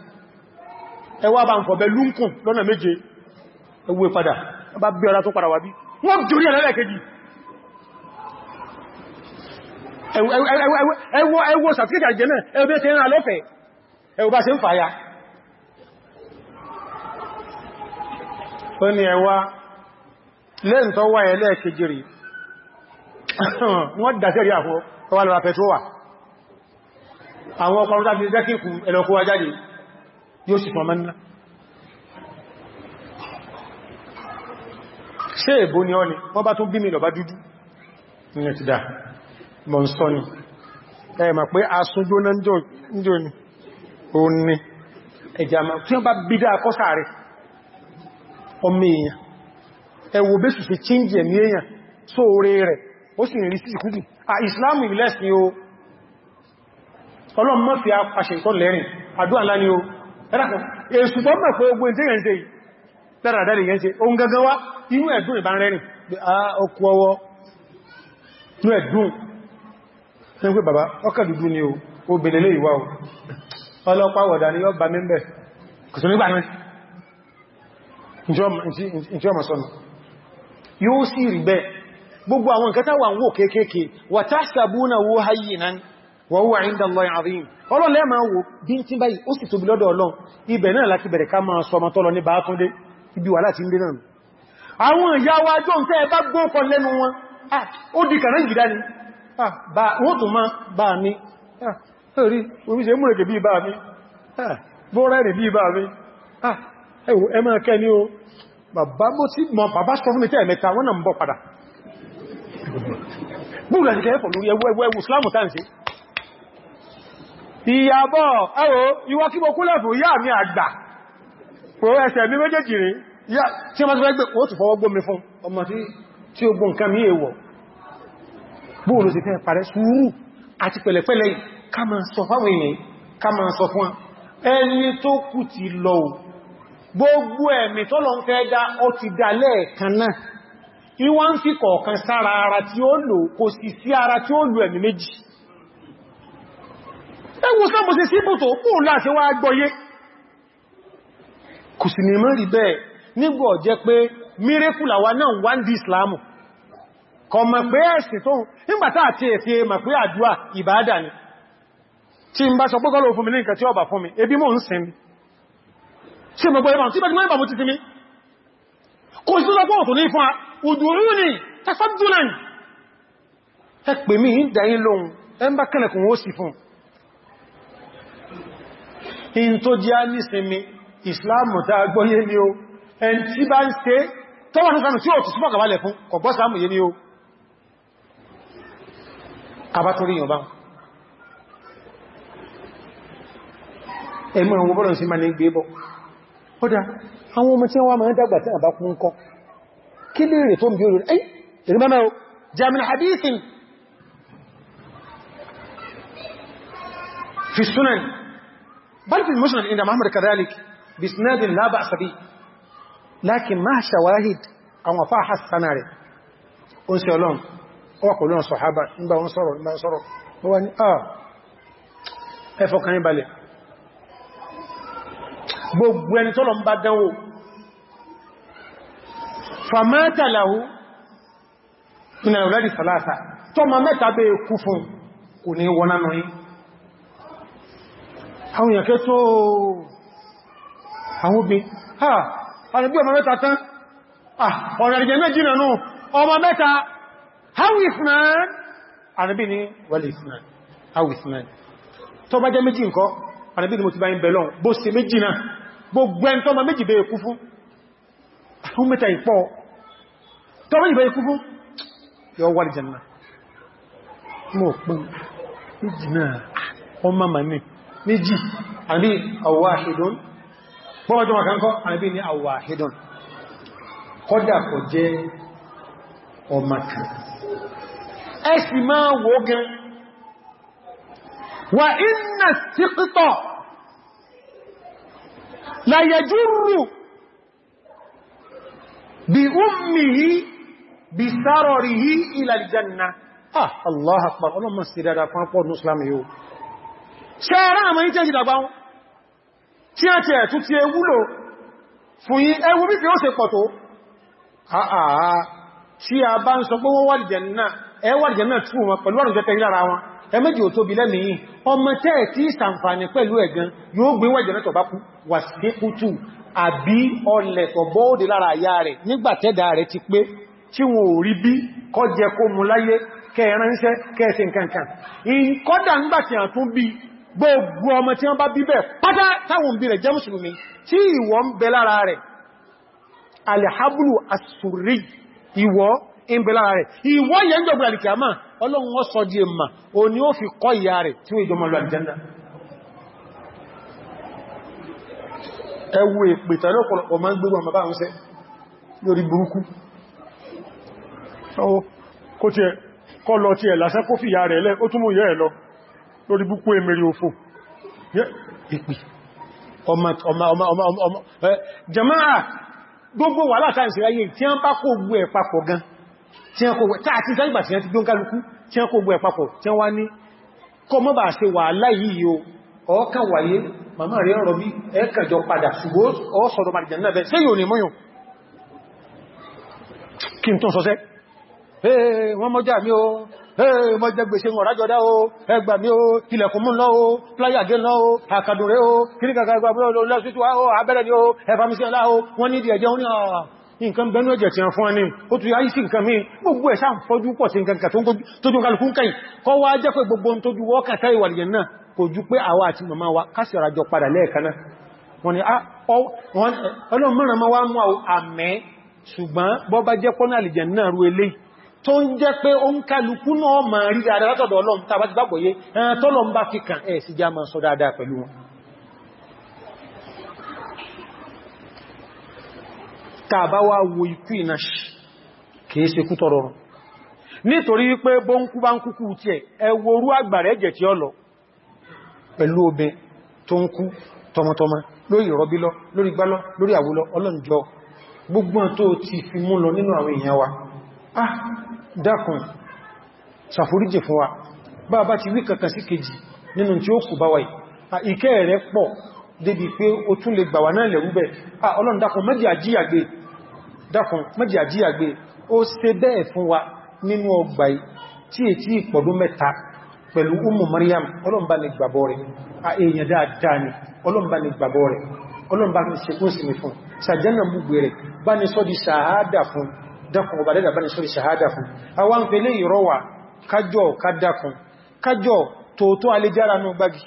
ẹwà bá ń fọ̀bẹ̀ lúnkùn lọ́nà méje ẹwú padà bá bí ọlá tó padà wà bí wọ́n jùrí ẹ̀lẹ́lẹ́kejì ẹwọ sàtíkẹ̀kẹ̀ àjẹ́ náà ẹwọ́ tẹ́ rán alọ́fẹ́ ẹwọ́ bá ṣe ń fàyà ó ní ẹwà lẹ́ntọ́wà ẹlẹ́kejì rí wọ́n dàtẹ́rí àfọ́ ọwà lọ́wà pẹ̀trówà àwọn ọkọ̀ yóò sì ṣe èbó ni ọ́ ni wọ́n bá tún bí mi lọ bá dúdú mọ̀ ń sọ ni ẹ̀mà pé o ní ẹjàmà tí wọ́n bá akọ́sà rẹ̀ ọmọ èèyàn fi chíńjì ẹ̀mí èèyàn sóòrè rẹ̀ ó sì rí sí ìkúdù à ìlẹ́sìn o ọlọ́mọ́ fi èṣùgbọ́n mọ̀ pé ogun tí yẹn ṣe dáradá lè yẹn ṣe ohun gangan wá inú ẹ̀dùn ìbá ọwọ́ inú ẹ̀dùn ń ni o obìnrin lè o ọlọ́pàá wọ̀dà ni ọba mẹ́mbẹ̀ kò sí nígbà náà ìjọ́mà wọ́wọ́ àìndà lọ àríyìn ọlọ́run lẹ́ẹ̀mà wo bí n tí báyìí ó sì tóbi lọ́dọ̀ ọlọ́run ibẹ̀ náà láti bẹ̀rẹ̀ ká máa sọ ọmọtọ́lọ ní bàátúndé ibi wà láti ń dé náà àwọn ìyá wa jọ ń tẹ́ ẹ bá gbóǹkọ lẹ́nu wọn ó di kàrán ìgbìdá ni wọ́n tún máa bá mi rí omi ṣe múrẹ̀kẹ̀ bí bá mi bọ́rẹ̀ rẹ̀ bí bá mi ẹwọ ẹ máa kẹ́ ní o bàbá mo ti mọ bàbá sọ fún mi tẹ́ ẹ̀mẹ́ta wọ́n náà ń bọ̀ padà búrẹ̀ ní ẹ̀fọ̀ lórí ẹwọ́ ẹwọ́ ìsìlámù táǹsì ìyàbọ̀ ẹwọ́ ìwọ kí mo kúnlẹ̀ fún yà ní àgbà pò ẹsẹ̀ mi méjèèjì rí tí ma ti fẹ́ gbé ó tù fọwọ́ gbómi fún ọmọ tí ó gbó nǹkan mí èwọ̀ bóòlù sí fẹ́ parẹ́ sùúrù àti pẹ̀lẹ̀pẹ̀lẹ̀ ká máa sọ fáwọn èèyàn ká máa sọ fún ẹwọ sáàmù sí síbù kú láti wá gbọ́yé kò sì ní mẹ́rin bẹ́ẹ̀ nígbọ̀ jẹ́ pé mírẹ́kùlà wa náà wá ń di islamu kọ mọ̀ pé ẹ̀sì tó nígbàtà àti ẹ̀fẹ́ mọ̀ pé àdúà ìbádà ni tí ń bá sọ pọ́kọ́lọ̀ fún mi ní nǹkan tí ọba fún mi ebi mo ń sin sí mọ̀ pẹ̀lú tí bẹ̀rẹ̀ mọ̀ títí mi kò sí lọ́pọ̀ òtò ní fún ọdún ní tẹ́sọ́dúnlẹ̀ ẹ pè mí ìdáyín lóhun ẹ ń bá kẹ́lẹ̀kùn ó sì fún in tó jẹ́ nísinmi ìsìláàmù tá a ni o ẹn tí bá ń ṣe tó wà nísàmù tí ó tù súnmọ̀ kàbálẹ̀ fún kọ̀gbọ́ sàmù yé ni o abátorí yọba ẹmọ àwọn bọ́lọ̀ sí ma ní gbé bọ́ kódà àwọn ọmọ tí wọ́n máa dàgbà tí àbá kún kọ́ kí lè rè tó ń bí orí ẹ́ ìrìnmọ́mọ́ jamin hadithin fi sunan بل في المسند عند محمد كذلك بإسناد لا بأس به لكن ما شواهد أو فاح السناري أنسي لهم وقلون الصحابة نبا أنصروا نبا أنصروا هو أن آه ẹfọ́ kan ní balẹ̀ gbogbo ẹni tọ́lọ ń من dánwò fàmátà ثم ìnà ìwòlẹ́dì sàlásà tọ́mà mẹ́ta àwọn èèyàn kẹ́ tó àwọn obìn ha àrẹ̀bí ọmọ mẹ́ta tán ọ̀rẹ̀ ìjẹ méjì nà náà ọmọ mẹ́ta hawifman àrẹ̀bí ni wẹ́lìsman hawifman tó bá jẹ́ méjì ǹkọ́ àrẹ̀bí ni mo ti bá ń bẹ̀lọ́n bó ṣe méjì náà gbogbo ẹn tó ah! ma méjì bẹ̀rẹ̀ kú méjì àbí àwáhìdún bọ́ọ̀dún àkánkọ́ àbí ní àwáhìdún kọ́dà kò jẹ́ ọmọkà ẹ̀sì máa wò gan wà iná síkítọ̀ láyẹjúrù bí ummihi bí sárọ̀rì yí ìlàlìjanna ah Allah akbar ọlọ́mọ̀ sí dáadáa fún àpọ̀ ṣe ara àmọ́ yí tẹ́jì dàgbà wọn tí a tẹ̀ tún ti ewúlò fún yí ẹwú bí fi ó ṣe pọ̀ tó àà tí a bá ń sọ pé wọ́n wàlìjẹ̀ náà ẹwàlìjẹ̀ náà tún wọn pẹ̀lú àrùn jẹ́tẹ̀ lára wọn ẹmẹ́jì ò tóbi lẹ́mìí ọmọ tẹ́ tí pẹ̀lú yóò gbé wà sí kútù àbí ọlẹ̀ lára àyà rẹ̀ rẹ̀ ti pé tí wọn ò rí bí kọjẹ kó gbogbo ọmọ tí wọ́n bá bíbẹ̀ pátá táwọn òbí rẹ̀ jẹ́ mùsùlùmí tí ìwọ ń bẹ lára rẹ̀ alìhábùlù asùrí ìwọ ń bẹ lára rẹ̀ ìwọ yẹ ń jọgbọ̀ alìkìyàmá ọlọ́run ó sọ di èmà o ni ó fi kọ́ ìyá rẹ̀ tí ó ìjọmọ̀ lọ àlìjánnà ẹ̀ lásán fìyà rẹ̀ lẹ́ ó túnmù yẹ́ ẹ̀ lọ lórí búkú èmèrè òfò ìpì jama'a gbogbo wà látà ìsìnráyé tí a ń bá kó gbogbo ẹ̀ papọ̀ gan tí a kò wẹ̀ tàà tí sáyìnbà tí a ti gbọ́n kálukú tí a kò gbogbo ẹ̀ papọ̀ tí a wá ní kọ mọ́ bá ṣe wà láyìí o ọkàn wáyé màmá rẹ̀ ọ̀rọ̀ bí ẹ́kàjọ padà ṣùgbọ́n ọ́sọ̀rọ̀ màrìjẹ̀ náà bẹ́ sẹ́yìn òní mọ́yàn kí n tún sọ sẹ́ wọ́n mọ́já mi o mọ́ jẹ gbèsè ọ̀rájọ́dá o ẹgbà mi o ilẹ̀kùn mú lọ o pláyàgé lọ o àkàdùnrẹ́ o kíríkàkà ah, nǹkan bẹnu ẹ̀jẹ̀ tí a fún ẹni ó tún yáyí sí nǹkan míì gbogbo ẹ̀ sáà fọ́jú pọ̀ sí nǹkan tójú kálukú ń kẹ́yìn kọ́ wá jẹ́ pé gbogbo tójú wọ́kàtà ìwàlìyàn náà kò jú pé àwa àti màmá wa kásì rajọ padà lẹ́ẹ̀kaná wọ́n ni ah, ọlọ́mọ́ràn máa wá mú àmẹ́ ṣùgbọ́n bọ́ bá jẹ́ pọ́nà àlìjẹ̀ náà tó ń jẹ́ pé ó ń kálukú náà ma rí dáadáa látọ̀dọ̀ ọlọ́run tàbá ti gbàgbọ́yé ẹran lọ ń bá fi kàn ẹ̀ sí já máa sọ dáadáa pẹ̀lú wọn tàbá wá wo ikú ìnáṣì kìí ṣe kú tọrọ nítorí wípé bó bá ń kúkú tí ẹ tí ọ lọ pẹ̀lú obẹ tó ń kú tọmọtọmọ lórí ìrọbí lórí ah dákun ṣàforíjì fún wa bá bá ti wí kankan sí kejì nínú tí ó kù bá wáyìí ìkẹ́ rẹ̀ pọ̀ débi pé ó tún lè gbàwà náà lẹ̀rúbẹ̀ ah ọlọ́run dákun mẹ́jì àjíyàgbé dákun mẹ́jì àjíyàgbé ó ṣe bẹ́ẹ̀ fún wa nínú ọgbà tí è umu Maryam ọlọ́run bá ní gbàgbọ́ rẹ̀ ah èèyàn dáadáa ni ọlọ́run bá ní gbàgbọ́ rẹ̀ ọlọ́run bá ní ṣekúnsìn fún sàjẹ́nà gbogbo rẹ̀ bá ní sọ́dí sàádà fún dákun ọba dẹ́dà bá ní sórí ṣàhádà fún àwọn ń pèlé ìrọwà kájọ kádákun kájọ tòótọ́ aléjára ní gbági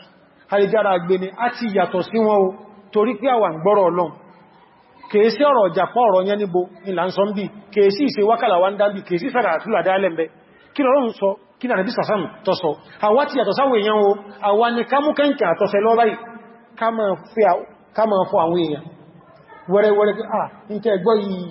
aléjára agbéni a ti yàtọ̀ sí wọn o torí pé àwọn gbọ́rọ̀ ọlọ́n kèèsí ọ̀rọ̀ jàpọ̀ ọ̀rọ̀ yẹn níbo ìlà ń sọ ń bí kèèsí ìṣe wákàlà wá ń dá ń bí kèèsí fẹ́rẹ̀ àtúlà dálẹ̀ ah ń tẹ́ gbọ́ yìí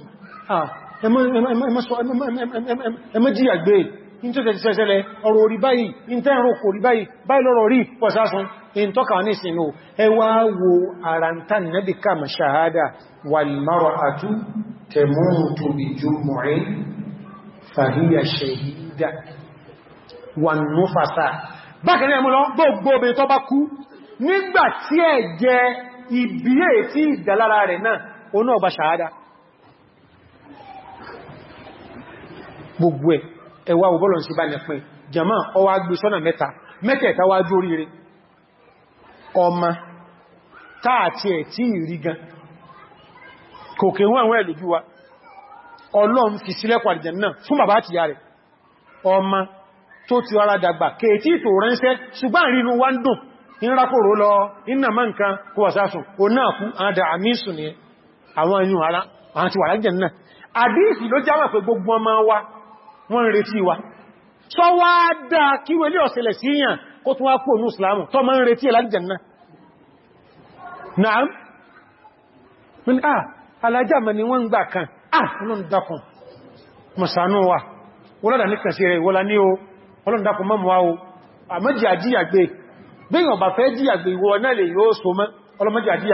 ah ẹmọ́ jíyà gbé in tó tẹ̀sí ṣẹṣẹlẹ̀ ọ̀rọ̀ orí báyìí in tẹ́ ẹ̀rọ kò rí báyìí báyìí lọ́rọ̀ rí pọ̀sásun in tọ́ka ní ìsinú ẹwà wo àrántà nẹ́bí kàmà ṣàhádà wal mar'atu tamutu bi jumu'in fahiya shahida wan nufasa bákaní ẹmú lọ gbogbo obìnrin tó bá kú nígbà tí ẹ̀jẹ̀ ìbíyè tí ìdàlára rẹ̀ náà ó náà gba ṣàhádà gbogbo ẹ̀ ẹwà òbọ́lọ̀ sí bá nẹ̀pin jama ọwá gbé sọ́nà mẹ́ta mẹ́tẹ̀ẹ̀ta wá jú oríire ọmọ táàtì ẹ̀ tí ìrí gan kòkè wọ́n àwọn ẹ̀lójú wa ọlọ́run fi sílẹ̀kọ̀ àdìjẹ̀ náà fún bàbá àti ìyá rẹ̀ ọmọ tó ti ara dàgbà kèètí ìtò ránṣẹ́ ṣùgbọ́n rí inú wá ń dùn ìrákòrò àwọn inú àwọn ti wà lájẹ̀ náà àdíìsì ló jámà pé gbogbo ọmọ wa wọ́n ń retí wa sọ wá dáa kí wẹ́lé ọ̀sẹ̀lẹ̀ sí yàn kó tún wá kúrò ní ìsìlámù tó máa ń retí ẹ̀lájẹ̀nà náà min ni wọ́n ń gbà kan ah, a wọ́n dákun mọ̀sánú wa wọ́lọ́dà ní kàṣí rẹ̀ wọ́lá ní o wọ́lọ́dà dákun mọ́ mọ́ o àmọ́jì àjíyàgbé bíyàn bà fẹ́ jíyàgbé ìwọ náà lè yóò so mọ́ ọlọ́mọ́jì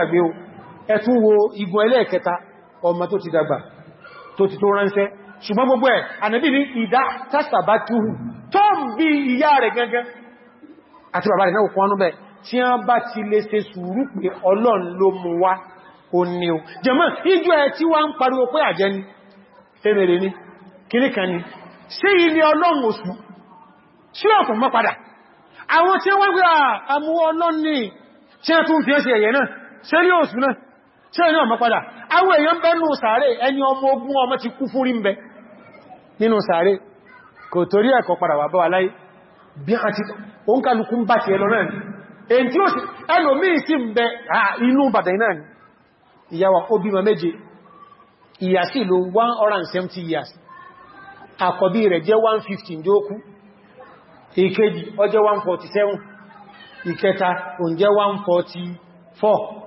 ọmọ tó ti dàgbà tó ti tó ránṣẹ́ ṣùgbọ́n gbogbo ẹ̀ ànàbí ní ìdá tásàbá túhù tó ń bí ìyá rẹ̀ gangan àti bàbá rẹ̀ náà kwanú bẹ̀ tí a bá ti lè ṣe sùúrù pé ọlọ́n ló mú wá o ní o jẹ́mọ́ ìjọ ẹ̀ tí wá ń pariwo pé àjẹ́ ni tẹ́rẹ̀rẹ̀ ni kìníkan ni padà àwọn èèyàn bẹ́ nù sàárè ẹni ọmọ ogun ọmọ ti kú fún rí ń bẹ nínú sàárè kò torí ẹ̀kọ́ padà wà bọ́ aláì bí a ti oúnkàlùkú ń bá ti ẹlọ náà èyí tí ó sì ẹlòmíì sí ń bẹ inú bàdàn náà ni ìyàwó ó bímọ méje ìyà sí 170 years àkọ́bí rẹ̀ jẹ́ 150 jókú ìkejì ó jẹ́ 147 ìkẹta òun jẹ́ 144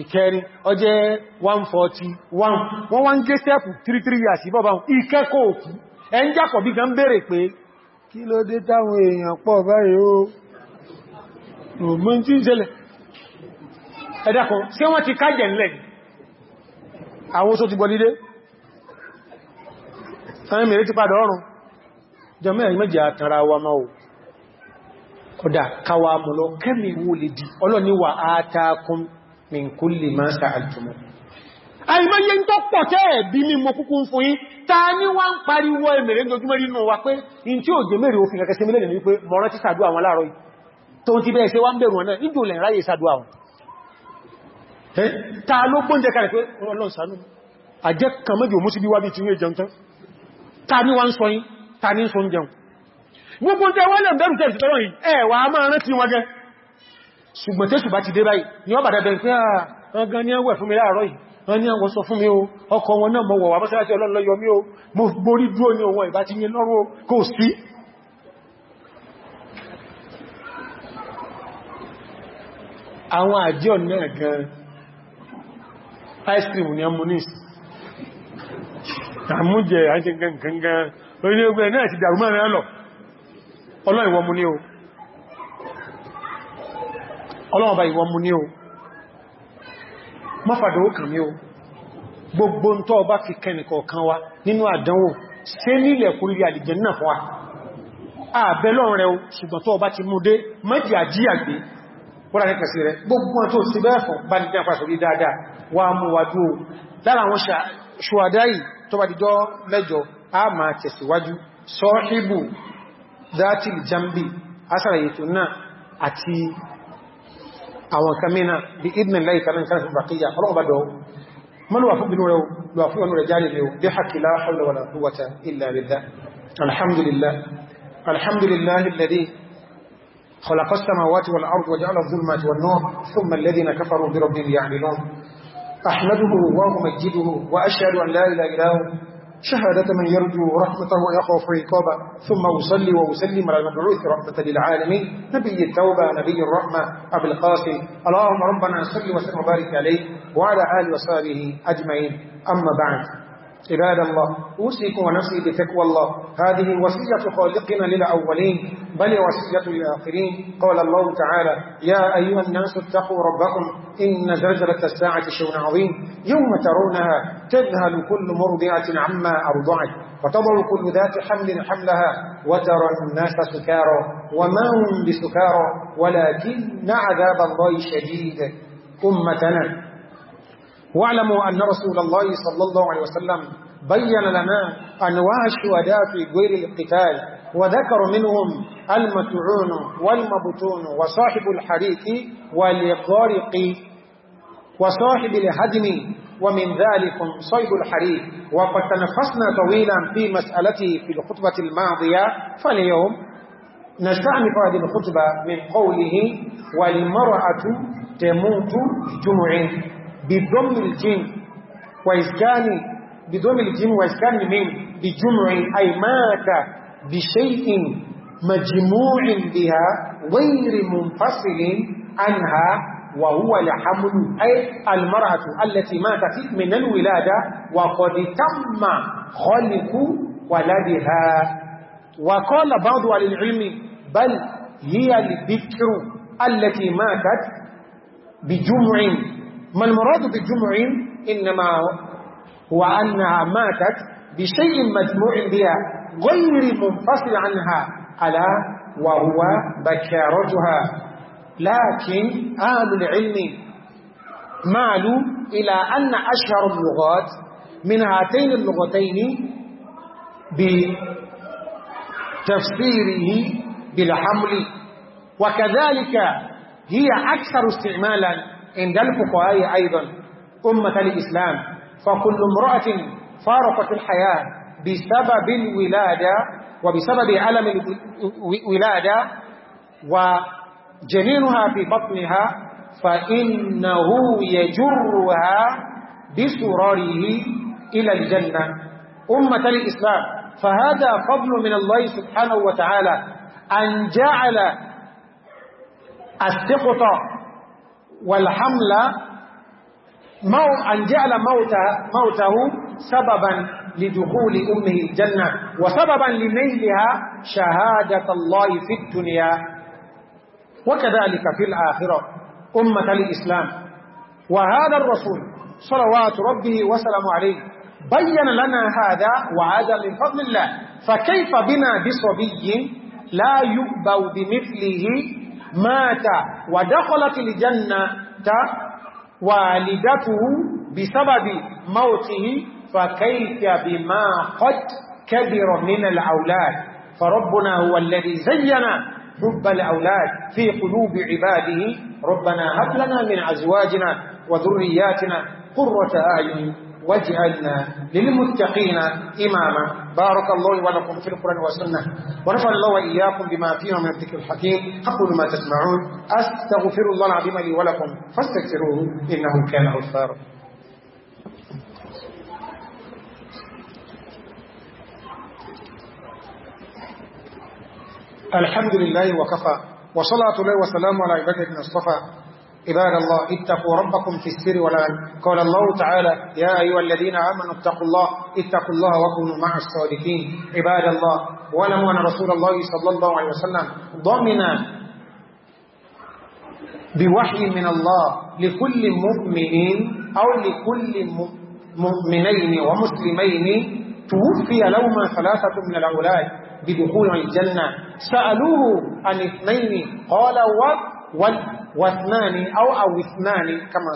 ìkẹrin ọjẹ́ 141 wọ́n wá gé sẹ́pù 33 years bọ́bá ìkẹ́kọ̀ọ́ òkú ẹn jákọ̀ bí gan bèèrè pé kí ló dé táwọn èèyàn pọ̀ báyìí ó mọ́ ti àwọn ti wa káwàá mọ̀lọ kẹ́mì wo di min kulli ma sa'altumu àìmọ́ yẹ ń tó pọ̀ tẹ́ ẹ̀bí ní mo kúkú ń fún yí ta ní wá ń pariwo ẹ̀mẹ̀rẹ̀ lójúmọ́ nínú wa pé in tí ó jẹ mẹ́rin òfin kẹkẹsẹ mílẹ̀ ní pé mọ̀rán ti sàdúwà wọn láàrọ̀ tó ti bẹ́ẹ̀ ṣe wá ń bẹ̀rù wọn náà níjò lẹ̀ ráyè sàdúwà wọn ta ló gbóúnjẹ kalẹ̀ pé Ọlọ́run ṣàánú àjẹ́ kan méjì ò mú sí bí wá bí ti ní ẹjẹun tán ta ní wá ń sọ yín ta ní ń sọ ń jẹun gbogbo ń tẹ wọ́n lẹ̀ ń bẹ̀rù tẹ̀ sí tọ́rọ̀ yìí ẹ̀wà máa rántí wọn jẹ́ ṣùgbọ́n tẹ́sù bá ti dé báyìí ni wọ́n bàdàbẹ̀ pé ọgán ní ẹwẹ̀ fún mi láàárọ̀ yìí wọ́n ní ẹwọ́ sọ fún mi o ọkọ̀ wọn náà mọ̀wọ̀ wà mọ́sílásí ọlọ́lọ́yọ mi o mo borí dúró ní ohun ìbá ti yẹ lọ́rọ̀ kò sí ice cream ni amunis àmújẹ àjẹ gangan orílẹ̀-èdè náà ti dàrú mẹ́rin ọlọ́wọ́n bá ìwọ mú ní o mọ́fàdà ó kàn ní o gbogbo ń tọ́ bá fi kẹ́nìkọ̀ kan wa nínú àdánwò sí nílẹ̀ kúrí àdìjẹ náà fún wa àbẹ́lọ́n rẹ̀ o ṣùgbọ́n tọ́ bá ti mú dé mẹ́jì àjíyàgbé wọ́n rẹ̀ kẹsì rẹ̀ gbogbo tó sí bẹ́ẹ̀fọ̀ bá ní àti àwọn kamina bí idmin láì kanan kan fún bàkíyà ọlọ́ọ̀bàdọ̀ mọ́nà wà fún bínú rẹ̀ lọ fún wọn rẹ̀ járe rẹ̀ bí haqqi la hawla wala quwwata illa billah alhamdulillah alhamdulillah alladhi khalaqa samawati wal arda wa ja'ala adh wan nur thumma alladhina kafaru bi rabbihim ya'dilun ahmaduhu wa umajjiduhu wa ashhadu an la ilaha illa شهادة من يرجو رحمته ويخاف عقابه ثم أصلي وأسلم على المبعوث رحمة للعالمين نبي التوبة نبي الرحمة أبي القاسم اللهم ربنا صل وسلم وبارك عليه وعلى آله وصحبه أجمعين أما بعد عباد الله أوصيكم ونفسي بتقوى الله هذه وصية خالقنا للأولين بل وصية الآخرين قال الله تعالى يا أيها الناس اتقوا ربكم إن زلزلة الساعة شون عظيم يوم ترونها تذهل كل مرضعة عما أرضعت وتضع كل ذات حمل حملها وترى الناس سكارى وما هم بسكارى ولكن عذاب الله شديد أمتنا واعلموا أن رسول الله صلى الله عليه وسلم بين لنا أنواع الشهداء في غير القتال وذكر منهم المتعون والمبتون وصاحب الحريق والغارق وصاحب الهدم ومن ذلك صيد الحريق وقد تنفسنا طويلا في مسألته في الخطبة الماضية فاليوم نستعمل هذه الخطبة من قوله والمرأة تموت جمعين بضم الجيم وإسكان بضم الجيم وإسكان من بجمع أي مات بشيء مجموع بها غير منفصل عنها وهو لحمل أي المرأة التي ماتت من الولادة وقد تم خلق ولدها وقال بعض العلم بل هي البكر التي ماتت بجمع ما المراد بالجمع إنما هو أنها ماتت بشيء مجموع بها غير منفصل عنها ألا وهو بكارتها لكن أهل العلم مالوا إلى أن أشهر اللغات من هاتين اللغتين بتفسيره بالحمل وكذلك هي أكثر استعمالا عند الفقهاء أيضا أمة الإسلام فكل امرأة فارقت الحياة بسبب الولادة وبسبب ألم الولادة وجنينها في بطنها فإنه يجرها بسرره إلى الجنة أمة الإسلام فهذا فضل من الله سبحانه وتعالى أن جعل السقط والحمل مو أن جعل موته, موته سببا لدخول أمه الجنة وسببا لنيلها شهادة الله في الدنيا وكذلك في الآخرة أمة الإسلام وهذا الرسول صلوات ربه وسلم عليه بين لنا هذا وعاد من فضل الله فكيف بنا بصبي لا يؤبو بمثله مات ودخلت الجنة والدته بسبب موته فكيف بما قد كبر من الأولاد فربنا هو الذي زين حب الأولاد في قلوب عباده ربنا هب لنا من أزواجنا وذرياتنا قرة أعين واجعلنا للمتقين إماما بارك الله ولكم في القرآن والسنة ونفع الله وإياكم بما فيه من الذكر الحكيم أقول ما تسمعون أستغفر الله العظيم لي ولكم فاستغفروه إنه كان غفارا الحمد لله وكفى وصلاة الله وسلام على عباده من اصطفى عباد الله اتقوا ربكم في السر والعلم قال الله تعالى يا أيها الذين آمنوا اتقوا الله اتقوا الله وكونوا مع الصادقين عباد الله ولم أن رسول الله صلى الله عليه وسلم ضمن بوحي من الله لكل مؤمن أو لكل مؤمنين ومسلمين توفي لهما ثلاثة من الأولاد بدخول الجنة سألوه عن اثنين قال والد واثنان أو أو اثنان كما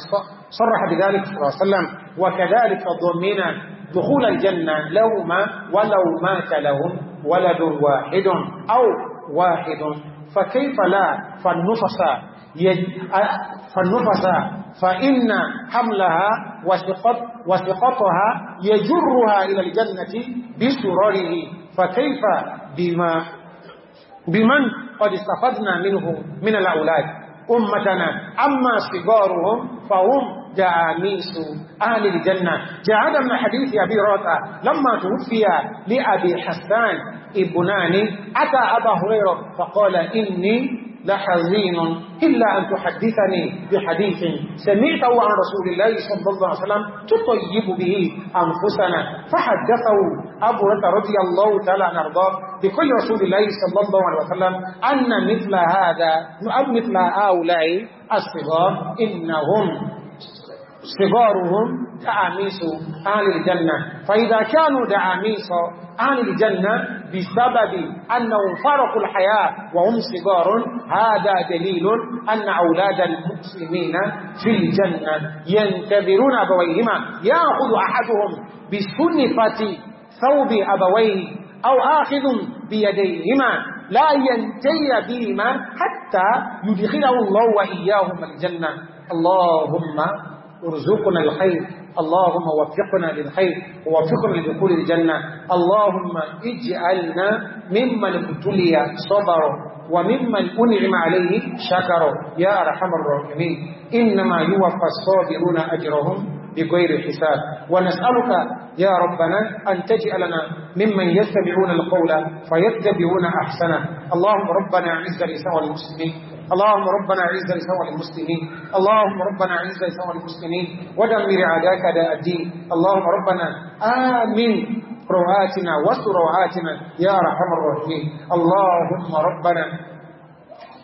صرح بذلك صلى الله عليه وسلم وكذلك ضمن دخول الجنة لو ما ولو مات لهم ولد واحد أو واحد فكيف لا فالنفس فالنفس فإن حملها وسقط وسقطها يجرها إلى الجنة بسرره فكيف بما بمن قد استفدنا منه من الأولاد أمتنا أما صغارهم فهم جاميس أهل الجنة جاءنا من حديث أبي راتع لما توفي لأبي حسان ابناني أتى أبا هريرة فقال إني لحزين إلا أن تحدثني بحديث سمعته عن رسول الله صلى الله عليه وسلم تطيب به أنفسنا فحدثه أبو رضي الله تعالى نرضاه بقول رسول الله صلى الله عليه وسلم أن مثل هذا أن مثل هؤلاء الصغار إنهم صغارهم دعاميس أهل الجنة فإذا كانوا دعاميس أهل الجنة بسبب أنهم فارقوا الحياة وهم صغار هذا دليل أن أولاد المسلمين في الجنة ينتظرون أبويهما يأخذ أحدهم بسنفة ثوب أبويه أو آخذ بيديهما لا ينتهي بهما حتى يدخله الله وإياهما الجنة اللهم ارزقنا الخير اللهم وفقنا للخير ووفقنا لدخول الجنة اللهم اجعلنا ممن ابتلي صبر وممن أنعم عليه شكر يا أرحم الراحمين إنما يوفى الصابرون أجرهم بغير حساب ونسألك يا ربنا أن تجعلنا ممن يتبعون القول فيتبعون أحسنه اللهم ربنا عز لسوى المسلمين اللهم ربنا عز لسوى المسلمين اللهم ربنا عز لسوى المسلمين ودمر عداك داء الدين اللهم ربنا آمين روعاتنا وسروعاتنا يا رحم الرحيم اللهم ربنا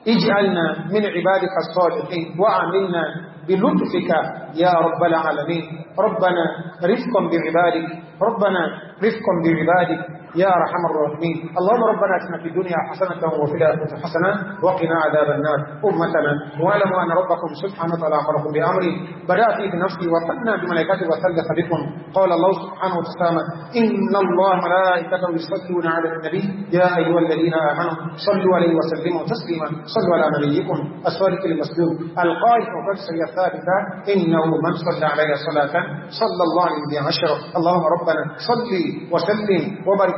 اجعلنا من عبادك الصالحين وعملنا بلطفك يا رب العالمين ربنا رفقا بعبادك ربنا رفقا بعبادك يا رحم الراحمين اللهم ربنا اتنا في الدنيا حسنة وفي الآخرة حسنة وقنا عذاب النار أمتنا واعلموا أن ربكم سبحانه وتعالى أمركم بأمره بدأ فيه نفسي وثنى بملائكته وثلث بكم قال الله سبحانه وتعالى إن الله ملائكته يصلون على النبي يا أيها الذين آمنوا صلوا عليه وسلموا تسليما صلوا على نبيكم الصادق المسلوب القائم وفرس الثابتة إنه من صلى عليه صلاة صلى الله عليه وسلم اللهم ربنا صلي وسلم وبارك